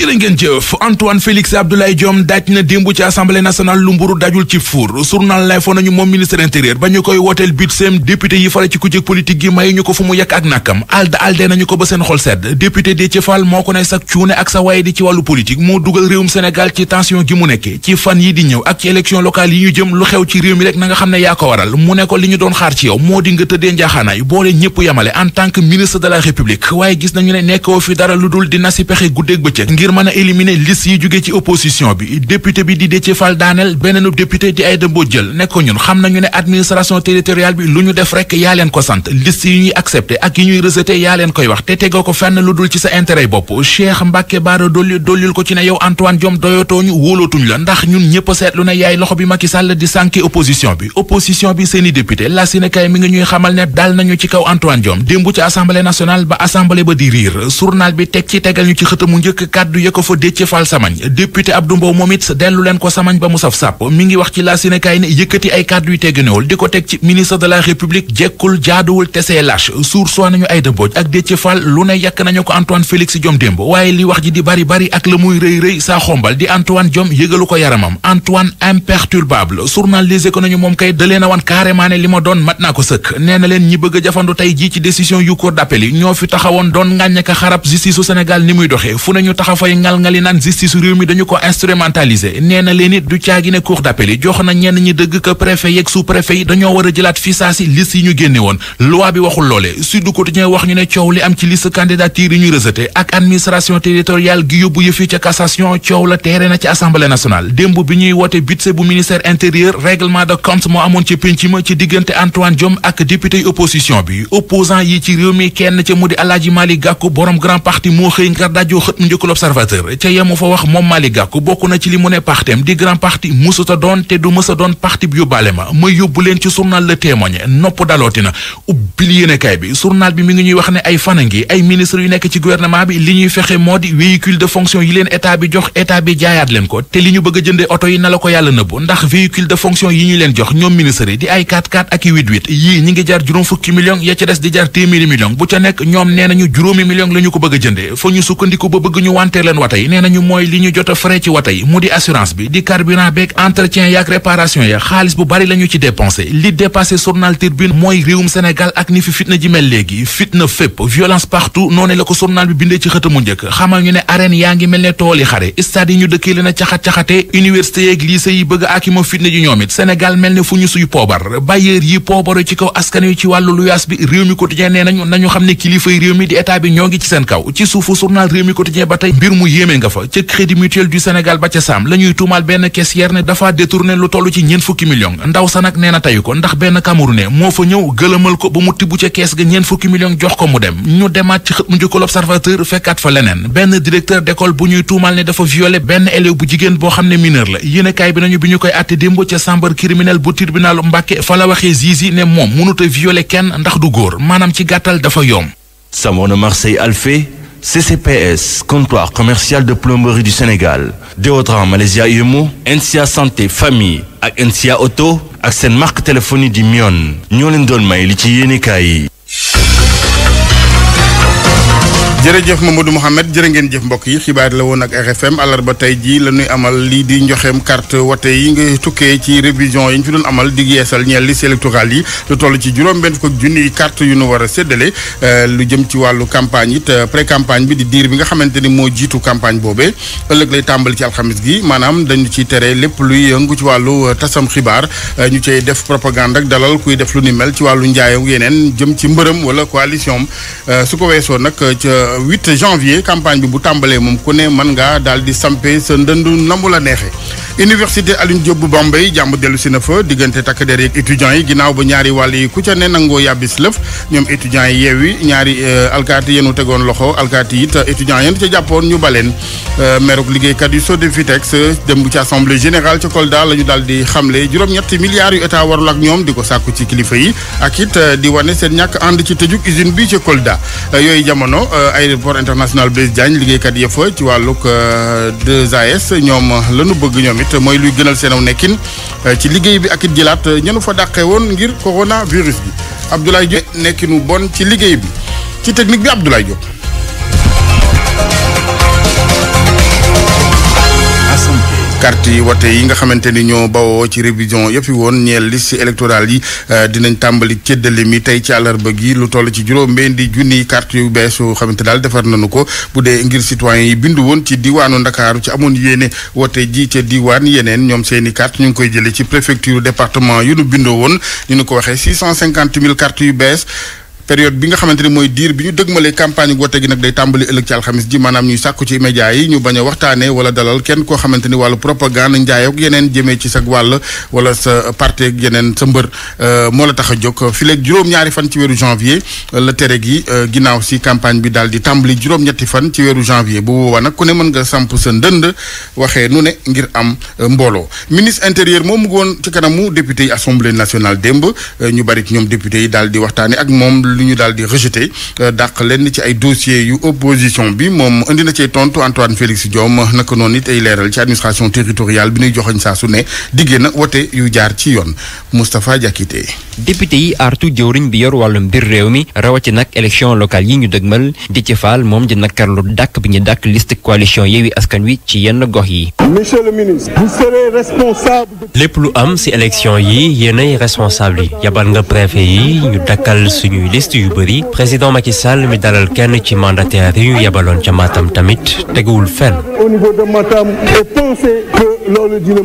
jërë ngeen jëf Antoine Félix Abdoulaye Diome daaj na démb ci assemblée nationale lu mburu dajul ci fuur journal lay fo nañu moom ministre intérieur ba ñu koy wooteel bit seem yi fara ci kujje politique gi may ñu ko fu mu yàkk ak nàkkam alde nañu ko ba seen xol sedd député Déthié Fall moo ko ne sak cuune ak sa waaye di ci wàllu politique moo dugal réewum Sénégal ci tension gi mu nekke ci fan yi di ñëw ak ci élection locale yi ñu jëm lu xew ci ngir mën a éliminer liste yi jóge ci opposition bi député bi di Déthié Fall daaneel beneenub député di Aïda Mbodj jël ne ñun xam nañu ne administration territoriale bi lu ñu def rek yaa leen ko sant liste yi ñuy accepté ak yi ñuy rejeté yaa leen koy wax te tegoo ko fenn lu dul ci sa intérêt bopp Cheikh Mbacke Bara dolli dollil ko ci ne yow Antoine Diome doyotooñu wóolootuñ la ndax ñun ñëpp a seetlu ne yaay loxo bi Macky di sànki opposition bi opposition kaddu ya ko fa Déthié ko samañ ba mu saf sàpp mi ngi wax ci la Sénégal ne yëkkati ay kaddu yu tegginewul di ko teg ci ministre de la république jekkul jaaduwul te see lâche suur soo nañu Aïda ak Déthié Fall lu ne yàkk nañu ko Antoine Félix Diome démb waaye li wax ji di bari bari ak la muy rëy rëy saa xombal di Antoine Diome yëgalu ko yaramam Antoine imperturbable journal Les Échos nañu moom kay da leen a wan carrément ne li ma doon mat naa ko sëkk nee na a jafandu tey jii ci décision yu cour d'appel yi ñoo fi taxawoon doon ngàññaka koy naan justice réew mi dañu ko instrumentaliser nee leen it du caagi ne cour d'appel jox na ñenn ñi dëgg que préfet yeeg sous préfet yi dañoo war jëlaat fi saa yi ñu génne woon loi bi waxul loole Sud Quotidien wax ñu ne coow li am ci liste candidature yi ñu rejeté ak administration territoriale gi yóbbu yëf yi ca cassation coow la teere na ci assemblée nationale démb bi ñuy wote budget bu ministère intérieur règlement de compte moo l'observateur ca yemu fa wax moom Malick Gakou bokk na ci li mu ne partem di grand parti musuta doon te du mësa doon parti bi yóbbaale ma ma yóbbu leen ci journal Le Témoin nopp dalooti ubbil yéenekaay bi journal bi mi ngi ñuy wax ne ay fana ngi ay ministre yu nekk ci gouvernement bi li ñuy fexe moo di véhicule de fonction yi leen état bi jox état bi jaayaat leen ko te li ñu bëgg a oto yi na la ko yàlla nëbbu ndax véhicule de fonction yi ñu leen jox respecté leen wata yi nee nañu mooy li ñu jot a frais ci wata yi mu di assurance bi di carburant beeg entretien yaak réparation ya xaalis bu bari la ci dépensé li dépassé journal Tribune mooy réewum Sénégal ak ni fi fitna ji mel léegi fitna fépp violence partout noonu la ko bi bindee ci xëtamu njëkk xamal ñu ne arène yaa ngi mel ne tooli xare stade yi ñu dëkkee leen a caxat-caxatee université yeeg lycée yi bëgg ak i ma fitna ji ñoom it mel ne mbir mu yéeme nga fa ca crédit mutuel du Sénégal ba ca saam la ñuy tuumaal benn caissière ne dafa détourné lu toll ci ñeent fukki million ndaw sa nag nee na tayu ko ndax benn Camerounais moo fa ñëw gëlëmal ko ba mu tibb ca kees ga ñeent fukki million jox ko mu dem ñu demaat ci xët mu njëkkal observateur fekkaat fa leneen benn directeur d'école bu ñuy tuumaal ne dafa violé benn élève bu jigéen boo xam ne mineur la yéenekaay bi nañu bi ñu koy àtte démb ca chambre criminelle bu tribunalu Mbàkke fa la waxee ne moom mënut a violé kenn ndax du góor maanaam ci gàttal dafa yoom CCPS comptoir commercial de plomberie du Sénégal Deodran Malaysia Yumu NCA santé famille ak NCA auto ak seen marque téléphonie di Mion ñoo leen doon may li ci yéenekaay yi jërëjëf Mamadou Mouhamed jërë ngeen jëf mbokk yi xibaar la woon ak RFM àllarba tey jii la ñuy amal lii di njoxeem carte wote yi nga tukkee ci révision yi ñu fi doon amal di yeesal ñeel liste électorale yi lu toll ci juróom-benn fukk ak junniy kart yu ñu war a séddale euh, lu jëm ci wàllu campagne it euh, campagne bi di diir bi nga xamante ni moo jiitu campagne boobee ëllëg lay tàmbali ci alxamis gi maanaam dañu ciy tere lépp luy yëngu ci wàllu euh, tasam xibaar ñu cay def propagande ak dalal kuy def lu ni mel ci wàllu njaay yeneen jëm ci mbërëm wala coalition su ko nag 8 euh, janvier campagne bi bu tàmbalee moom ku ne mën ngaa daal di sampe sa ndëndu nambu la neexee université Alioune Diop bu Bambey jàmm dellu si na fa diggante takk der yeeg étudiants yi ginnaaw ba ñaari wàll yi ku ca ne nangoo yàbbis lëf ñoom étudiants yi yeewi ñaari euh, alkaati yenu tegoon loxo alkaati it euh, étudiants yéen ca jàppoon ñu baleen merok liggéeykat yu Sodefitex dem ci assemblée générale ca Kolda la ñu daal di xamle juróom-ñetti milliards yu état warul ak ñoom di ko sàkku ci kilifa yi ak it di wane seen ñàkk ànd ci tëjug usine bi ca Kolda yooyu aéroport international Blaise Diagne liggéeykat ya fa ci wàllug 2AS euh, ñoom euh, lanu bëgg ñoom it mooy luy gënal seenaw nekkin euh, ci liggéey bi ak it jëlaat ñenu fa dàqee woon ngir coronavirus bi Abdoulaye Diop nekkinu bon ci liggéey bi ci technique bi Abdoulaye Diop. carte yi wote yi nga xamante ni ñoo bawoo ci révision yëpp yi woon ñeel liste électorale yi euh, dinañ tàmbali céddale mi tey ci àllarba gi lu toll ci juróom benn di junniy carte yu bees yoo xamante daal defar nañu ko bu dee ngir citoyen yi bind woon ci diwaanu Ndakaaru ci amoon yéene wote ji ca diwaan yeneen ñoom seeni i ñu ngi koy jëlee ci préfecture département yu nu bindoo woon ñu nu ko waxee six cent cinquante mille cartes yu bees période bi nga xamante ne mooy diir bi ñu dëgmale campagne woote gi nag day tàmbali ëllëg ci alxamis ji maanaam ñuy sàkku ci média yi ñu bañ a waxtaanee wala dalal kenn ko xamante ni wàllu propagande njaay ak yeneen jëmee ci sag wàll wala sa parti yeneen sa mbër euh, moo la tax a jóg fileek juróom-ñaari fan ci weeru janvier euh, la tere gi euh, ginnaaw si campagne bi daal di tàmbali juróom-ñetti fan ci weeru janvier bu boobaa nag ku ne mën nga samp sa ndënd waxee nu ne ngir am mbooloo ministre intérieur moom mu ci kanamu député yi assemblée démb ñu bari ñoom député yi daal di waxtaane ak moom li ñu daal di rejeté euh, dàq lenn ci ay dossiers yu opposition bi moom indi na ci tontu Antoine Félix Diome naka noonu it ay leeral ci administration territoriale bi ñuy joxoñ saa su ne diggée na wote yu jaar ci yoon Moustapha Diakité député yi artu jëwriñ bi yor wàllum biir réew mi rawati nag élection locale yi ñu dëgmal di ci faal moom di nakarlu dàkk bi ñu dàkk liste coalition Yewwi Askan Wi ci yenn gox yi. lépp lu am ci élection yi yéenay responsable yi liste yu bëri président Macky Sall mi dalal kenn ci mandataire yu yebaloon ca Matam tamit teguwul fenn. a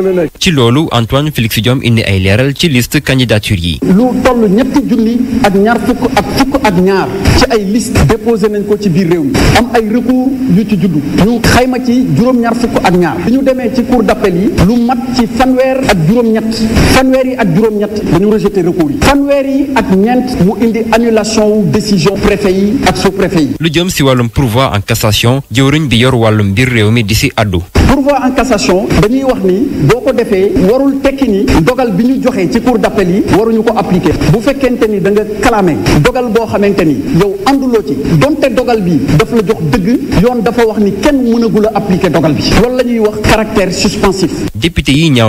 nekk. ci loolu Antoine Félix Diome indi ay leeral ci liste candidature yi. lu toll ñetti junni ak ñaar fukk ak fukk ak ñaar ci ay liste déposé nañ ko ci biir réew mi am ay recours yu ci juddu ñu xayma ci juróom-ñaar fukk ak ñaar bi ñu demee ci cour d'appel yi lu mat ci fanweer ak juróom-ñett fanweer yi ak juróom-ñett dañu rejeté recours yi fanweer yi ak ñeent mu indi annulation annulation wu décision préfet yi ak sous lu mi di si addu. pourvoi ko defee warul tekki ni dogal bi ñu joxe ci cour yi waruñu ko appliquer bu fekkente ni da nga clamé dogal boo ni yow ànduloo ci donte bi daf la jox dëgg yoon dafa ni kenn mënagul a appliquer dogal bi loolu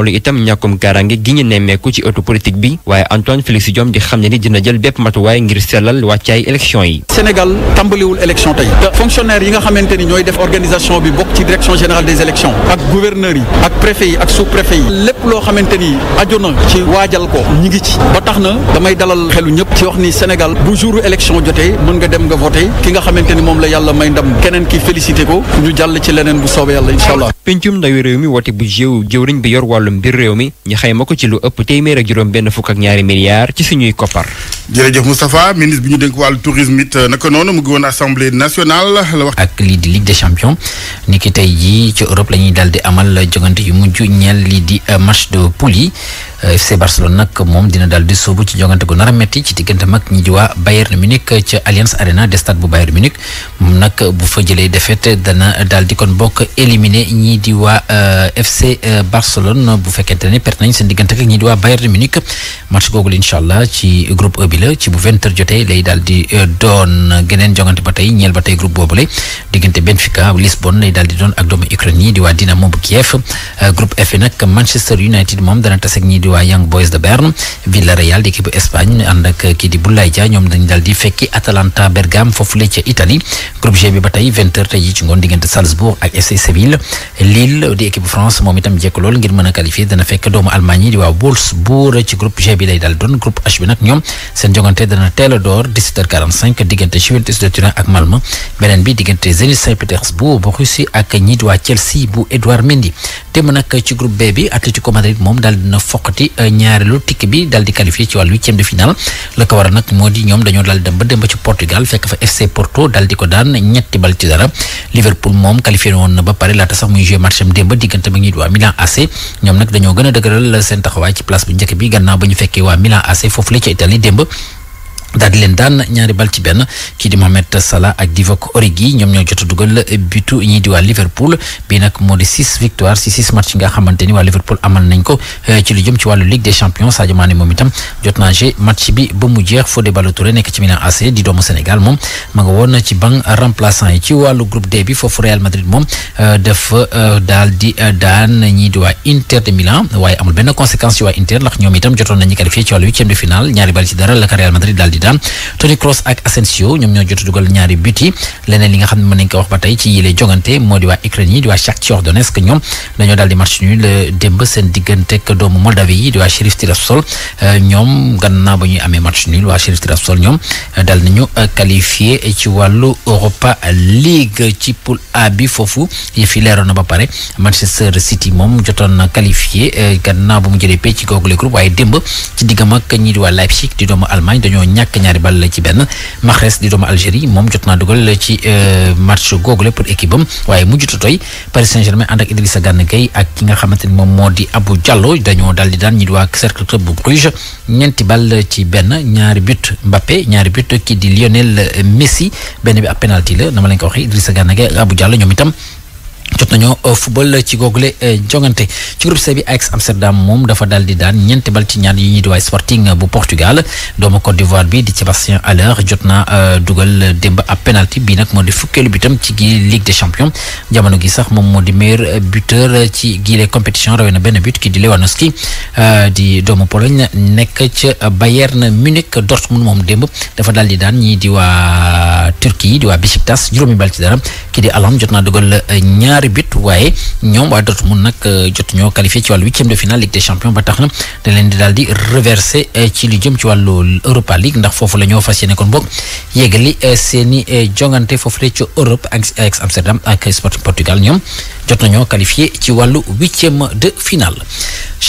la itam ñàkkum kaaraange gi ñu nemmeeku ci auto bi waaye Antoine Félix Diome di xam ne ni dina jël bépp matuwaay ngir selal wàccaay élection yi. Sénégal tàmbaliwul élection tey te fonctionnaire yi nga xamante ni ñooy def organisation bi bokk ci direction générale des élections ak gouverneurs yi ak préfet yi ak sous préfet yi lépp loo xamante ni aju na ci waajal ko ñi ngi ci ba tax na damay dalal xelu ñëpp ci wax ni Sénégal bu jouru élection jotee mën nga dem nga voté ki nga xamante ni moom la yàlla may ndam keneen ki félicité ko ñu jàll ci leneen bu soobee yàlla incha allah. pencum ndawi réew mi woote bu jëw jëwriñ bi yor wàllum biir réew mi ñu xayma ko ci lu ëpp téeméer ak juróom benn fukk ak ñaari milliards ci suñuy koppar. jërëjëf Moustapha ministre bi ñu dénk wàllu tourisme it euh, naka noonu mu ngi woon assemblée nationale la wax. ak lii di ligue des champions ni ki tey jii ci Europe la ñuy daal di amal jogante yu mujj ñeel lii di euh, match de poule yi FC Barcelone nag moom dina daal di sóobu ci jongante gu nar a metti ci diggante mag ñi di waa Bayern Munich ca Allianz Arena de stade bu Bayern Munich moom nag bu fa jëlee défaite dana daal di kon bokk éliminé ñii di waa euh, FC euh, Barcelone bu fekkente ne perte nañ seen diggante ak ñii di waa Bayern Munich match googu incha allah ci groupe E bi la ci bu vingt heures jotee lay daal di euh, doon geneen jongante ba tey ñeel ba tey groupe boobu la diggante Benfica Lisbonne daal di doon ak di waa Dinamo bu di waa Young Boys de Berne Villarreal di équipe Espagne ànd ak kii di Boulaye Dia ñoom dañu daal di fekki Atalanta Bergame foofu la ca Italie groupe G bi ba tey vingt heures tey ci ngoon diggante Salzbourg ak FC Séville Lille di équipe France moom itam jekk lool ngir mën a dana fekk doomu Allemagne di waa Wolfsburg ci groupe G bi lay daal doon groupe H bi ñoom seen jongante dana teel diggante Juventus de Turin ak Malmö beneen bi diggante Zenit saint remporté euh, ñaareelu tikk bi daal di qualifié ci wàllu huitième de finale la ko waral nag moo di ñoom dañoo daal dem ba dem ba ci Portugal fekk fa FC Porto daal di ko daan ñetti bal ci dara Liverpool moom qualifié woon na ba pare laata sax muy joué match démb diggante ba ngi waa Milan AC ñoom nag dañoo gën a dëgëral seen taxawaay ci place bu njëkk bi gannaaw ba ñu fekkee waa Milan AC foofu la ca Italie démb daal di leen daan ñaari bal ci benn kii di Mohamed Salah ak Divock Origi ñoom ñoo jot a dugal butu ñii di waa Liverpool bi nag moo di six victoire si six match nga xamante ni waa Liverpool amal nañ ko eh, ci lu jëm ci wàllu Ligue des Champions Sadio Mané moom itam jot naa jé ci yi ci wàllu groupe D bi foofu Real Madrid moom eh, dafa eh, daan ñii di waa Inter de Milan waaye amul benn conséquence ci waa Inter ndax ñoom itam jotoon nañu qualifié ci wàllu huitième de finale di daan Toni Kroos ak Asensio ñoom ñoo jot dugal ñaari but yi leneen li nga xam ne mën nañ ko wax ba tey ci yile jogante moo di waa Ukraine yi di waa Shakhtar Donetsk ñoom dañoo daal match nul euh, démb seen diggante ak doomu Moldavie yi di waa Sheriff Tiraspol euh, ñoom euh, dal nañu qualifié ci wàllu Europa League ci poule A bi foofu yëf leeroon na ba pare Manchester City moom jotoon na gannaaw ba mu jëlee pecc ci googu le waaye démb ci ñàkk ñaari bal ci benn Mahrez di doomu Algérie moom jot naa dugal ci euh, match googule pour équipe am waaye mujjutu toy Paris Saint-Germain ànd ak sa Gana Gueye ak ki nga xamante ni moom moo di Abou Diallo dañoo dal di daan ñi di waa Cercle Club bu Bruges ñeenti ball ci benn ñaari but Mbappé ñaari but kii di Lionel Messi benn bi ab penalty la na ma leen ko waxee Idrissa Gana Gueye ak abu Diallo ñoom itam jot nañoo euh, football ci googule euh, jongante ci groupe C bi Ajax Amsterdam moom dafa daal di daan ñeenti bal ci ñaar yi ñuy di waay Sporting euh, bu Portugal doomu Côte d'Ivoire bi di Sébastien Haller jot naa dugal démb ab penalty bii nag moo di fukkeelu bitam ci gi Ligue des Champions jamono gi sax moom moo di meilleur buteur ci gi les na benn but ki di Lewandowski di doomu Pologne nekk ca Bayern Munich Dortmund moom démb dafa daal di daan ñii di waa Turquie di waa Besiktas juróomi bal ci dara ki di Alam jot naa dugal ñaar ñaari but waaye ñoom waa Dortmund nag euh, jot ñoo qualifié ci wàllu huitième de finale Ligue des champions ba tax na da leen di daal di reversé euh, ci li jëm ci wàllu Europa League ndax foofu la ñoo fas yéene kon boog yéegali euh, seen i jongante foofu la ci Europe ak Ajax Amsterdam ak Sporting Portugal ñoom. jot nañoo qualifié ci wàllu huitième de finale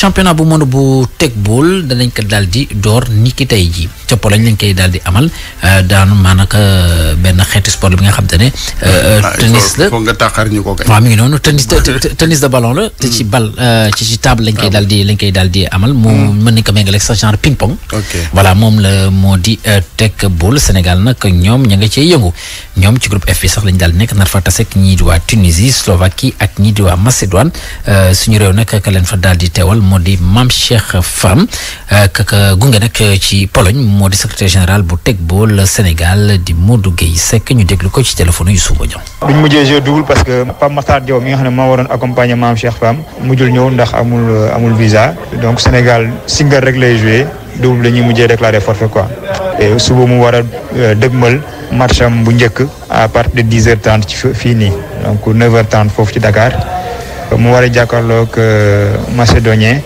championnat bu monde bu tegball danañ ko daal di door ni ki tey ji ca Pologne lañ koy daal di amal euh, daanu maanaka euh, benn xeetu sport bi nga xam te ne euh, ah, tennis la nga taxar ñu ngi noonu tennis tennis de la hmm. bal ci ci table lañ koy ah. daal di lañ koy daal di amal mu hmm. mën nañ ko méngale sa genre ping pong voilà moom la moo di tegball Sénégal nag ñoom ña nga cee yëngu ñoom ci groupe F bi sax lañ daal di nekk nar fa tasek ñii di waa Tunisie Slovaquie ak ñi di waa Macédoine euh, suñu réew nag ka leen fa daal di teewal moo di Mame Cheikh Fam kaka euh, gunge nag ci poloñ moo di secrétaire général bu teg bool Sénégal di Modou Guèye Seck ñu déglu ko ci téléphone yu suuba ñoom. duñ mujjee jeu double parce que Pape Makhtar Diaw mi nga xam ne moo waroon accompagner Mame Cheikh Fam mujjul ñëw ndax amul euh, amul visa donc Sénégal single rek lay double la ñuy mujjee déclaré forfait quoi. suba mu war a euh, dëgmal match am bu njëkk à part de dix heures trente ci fii nii donc neuf heures trente foofu ci Dakar mu war a jàkkaarloog euh, macédonien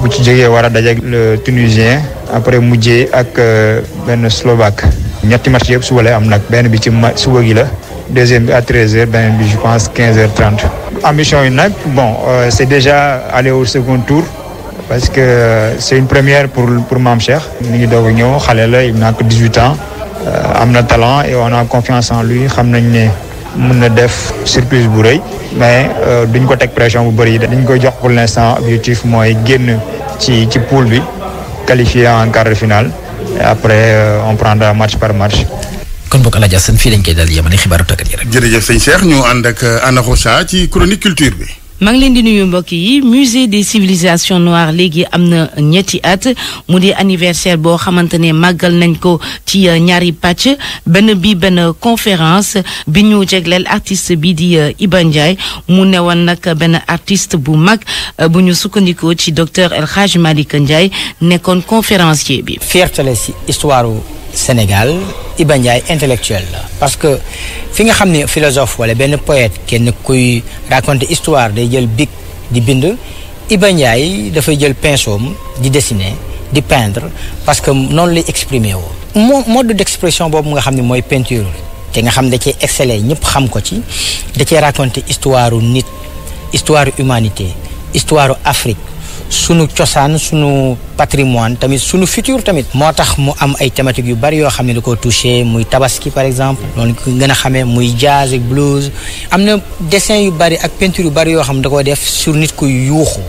bu ci jógee war a dajeeg le tunisien après mujje ak euh, benn slovaque. ñetti match yëpp suba lay am nag benn bi ci suba gi la deuxième bi à treize heures beneen bi je pense quinze heures trente. ambition yi nag bon c'est déjà aller au second tour. parce que euh, c'est une première pour pour Mame Cheikh mi ngi doog a ñëw xale la il n'a que ans euh, am na talent et on a confiance en lui xam nañ ne mën na def surprise bu rëy mais euh, duñ ko teg pression bu bëri dañ koy jox pour l'instant objectif mooy génn ci ci poule bi qualifié en quart de finale et après on prendra match par match. kon boog El Hadj fii lañ koy daal yemale xibaaru tëkkat yi rek. jërëjëf sëñ Cheikh ñu ànd ak Anna Rocha ci chronique culture bi. maa ngi leen di nuyu mbokk yi musée des civilisations noires léegi am na ñetti at mu di anniversaire boo xamante ne màggal nañ ko ci euh, ñaari pàcc benn bi benn conférence bi ñu jegleel artiste bi di euh, Iba Ndiaye mu newoon nag benn artiste bu mag euh, bu ñu sukkandikoo ci docteur El Hadj Malick Ndiaye nekkoon conférence bi. fierté la Sénégal Iba Ndiaye intellectuel la parce que fi nga xam ne philosophe wala benn poète kenn kuy raconter histoire day jël big di bind Iba dafay jël pinceau di dessiner di peindre parce que noonu lay exprimer woo moo mode d'expression boobu nga xam ne mooy peinture te nga xam ne da cee exceller ñëpp xam ko ci da cee raconter histoire nit histoire humanité histoire Afrique sunu cosaan sunu patrimoine tamit sunu futur tamit moo tax mu am ay thématiques yu bari yoo xam ne dako koo muy tabaski par exemple loolu ko gën a xamee muy jazz ak blues am na dessin yu bari ak peinture yu bari yoo xam ne da koo def surnit kuy yuuxu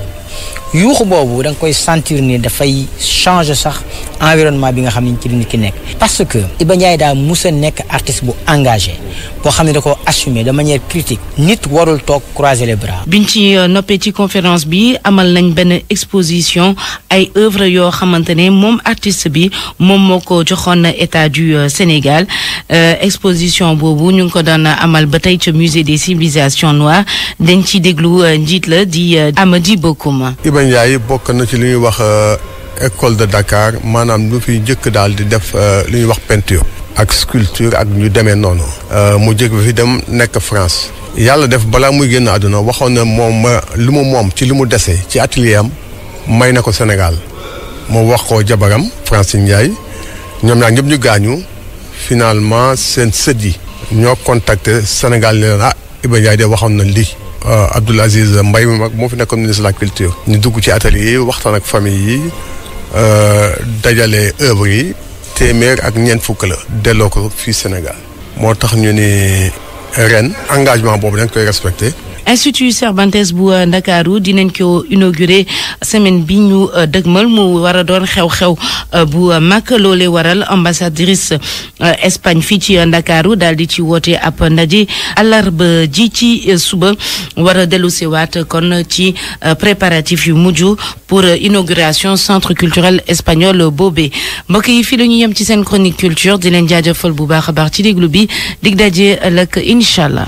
yuuxu boobu danga koy sentir ni dafay changer sax environnement bi nga xam ne ci nit ki nekk parce que Iba Ndiaye daa nekk artiste bu engagé boo xam ne da ko assumer de manière critique nit warul toog croiser les bras biñ ci euh, noppee ci conférence bi amal nañ benn exposition ay œuvre yoo xamante ne moom artiste bi moom moo ko joxoon état du euh, Sénégal euh, exposition boobu ñu ngi ko doon amal ba tey ca musée des civilisations dañ ci déglu njiit la di Amady Bokoum Iba Ndiaye bokk na ci li ñuy wax école de Dakar maanaam lu fi njëkk daal di def euh, lu ñuy wax peinture ak sculpture ak ñu demee noonu euh, mu jëkk fi dem nekk France yàlla def balaa muy génn àdduna waxoon na moom lu mu moom ci li mu dese ci atelier am may na ko Sénégal mu wax ko jabaram Francine Ndiaye ñoom ñaar ñëpp ñu gaañu finalement seen sët yi ñoo contacté Sénégal ne leen ah Iba Ndiaye de waxoon na lii euh, Abdoul Aziz Mbaye moo fi nekkoon ministre la culture ñu dugg ci atelier yi waxtaan ak famille yi dajale œuvre yi téeméer ak ñeent fukk la delloo ko fii Sénégal moo tax ñu ni ren engagement boobu dañ koy respecté institut Cervantes bu euh, Ndakaaru dinañ ko inauguré semaine bi ñu euh, dëgmal mu war a doon xew-xew euh, bu mag loole waral ambassadrice Espagne fii ci Ndakaaru daal di ci woote ab ndaje àllarba ji ci suba war a dellusiwaat kon ci préparatif yu mujj pour inauguration centre culturel espagnol boobee mbokk yi fii la ñu yem ci seen chronique culture di leen bu baax a baax ci déglu bi dig daje ëllëg incha allah.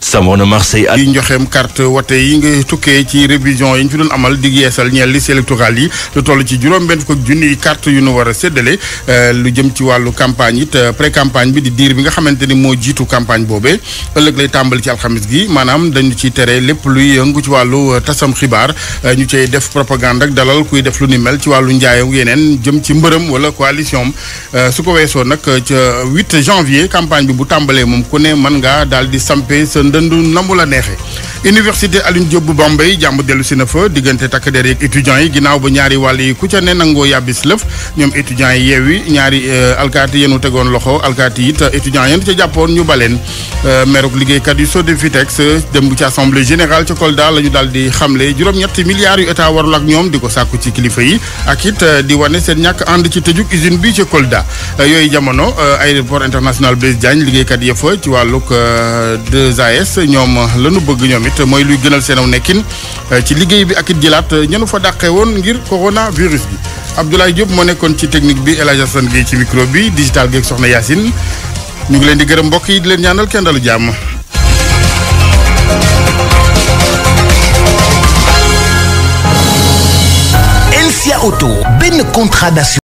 Samona Marseille ak. yi njoxeem carte wote yi nga tukkee ci révision yi ñu fi doon amal dig yeesal ñeel liste électorale yi lu toll ci juróom-benn fukk ak junniy carte yu nu war a séddale euh, lu jëm ci wàllu campagne it euh, campagne bi di diir bi nga xamante ni moo jiitu campagne boobee ëllëg lay tàmbali ci alxamis gi maanaam dañu ci tere lépp luy yëngu ci wàllu euh, tasam xibaar ñu cay def propagande ak dalal kuy def lu ni mel ci wàllu njaay yeneen jëm ci mbërëm wala coalition su ko nag ca 8 campagne bu tàmbalee moom ku ne mën daal di sampé ndëndu nambu la neexee université Alioune Diop bu Bambey jàmm dellu si na fa diggante takk der yeeg yi ginnaaw ba ñaari wàll yi ku ca ne nangoo yàbbis lëf ñoom étudiants yi yeewi ñaari euh, alkaati yenu tegoon loxo alkaati it euh, étudiants yenu ca jàppoon ñu baleen euh, meruk liggéeykat yu Sodefitex démb ci assemblée générale ca Kolda la ñu daal di xamle juróom-ñetti milliards yu état warul ak ñoom di ko sàkku ci kilifa yi ak it di wane seen ñàkk ànd ci tëjug usine bi ca Kolda yooyu jamono aéroport international Blaise Diagne liggéeykat ya fa ci wàllug 2AS ñoom lañu bëgg ñoom te mooy luy gënal seenaw nekkin euh, ci liggéey bi ak it jëlaat euh, ñenu fa dàqee woon ngir coronavirus bi Abdoulaye Diop moo nekkoon ci technique bi El Hadj ci micro bi digital geeg soxna Yacine ñu ngi leen di gërëm mbokk yi di leen ñaanal kenn dalu jàmm. LCA auto benn contrat